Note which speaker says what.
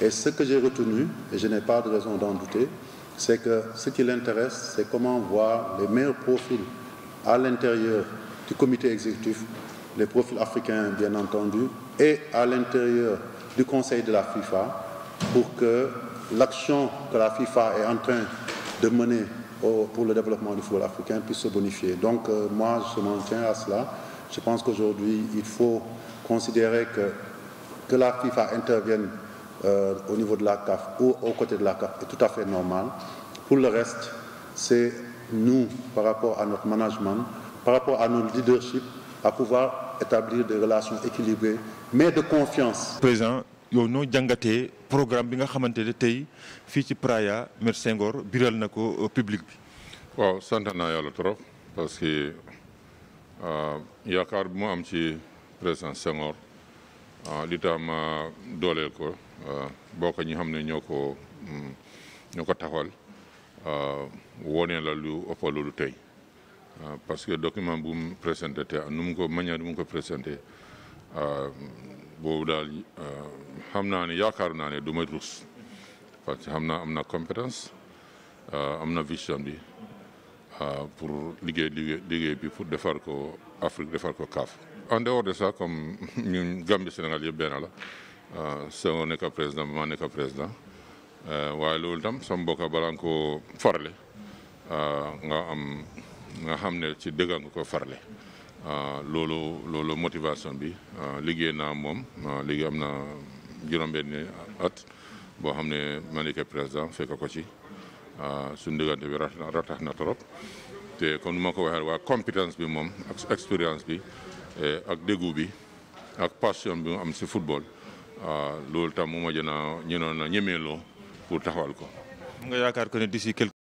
Speaker 1: Et ce que j'ai retenu, et je n'ai pas de raison d'en douter, c'est que ce qui l'intéresse, c'est comment voir les meilleurs profils à l'intérieur du comité exécutif, les profils africains bien entendu, et à l'intérieur du conseil de la FIFA, pour que l'action que la FIFA est en train de mener pour le développement du football africain puisse se bonifier. Donc euh, moi, je m'en tiens à cela. Je pense qu'aujourd'hui, il faut considérer que la FIFA intervienne euh, au niveau de la CAF ou aux côté de la CAF est tout à fait normal. Pour le reste, c'est nous, par rapport à notre management, par rapport à notre leadership, à pouvoir établir des relations équilibrées, mais de confiance. Président, yow noo jàngatee programme bi nga xamante ne tey fii ci Praia Maître Senghor biral na ko euh, public bi.
Speaker 2: waaw sant naa yàlla trop parce que euh, yaakaar bu am ci président Senghor. li tax ma dooleel ko bokk ñi xam ne ñoo ko mm, ñoo ko taxawal wone la lu ëpp loolu tey parce que document bu mu présenté te nu mu ko manière nu mu ko présenté boobu daal xam naa ne yaakaar naa ne du may ruus parce que xam naa am na compétence am na vision bi pour liggéey liggéey bi pour defar ko Afrique defar ko CAF. en dehors de ça comme ñun Gambie Sénégal yëpp benn la euh, Senghor nekk président ma nekk président euh, waaye loolu tam sama mbokk balaa nga koo farle euh, nga am nga xam ne ci dëgg nga ko farle loolu loolu motivation bi liggéey naa moom liggéey am na juróom-benni at boo xam ne ma nekk président fekk ko ci suñu diggante bi ratax na trop te kon nu ma ko waxee waa compétence bi moom ak expérience bi Eh, ak déggu bi ak passion bi mu am si football ah, loolu tam mu ma gën a ñënoon a ñemeeloo pour taxawal ko. nga yaakaar ko ne d'ici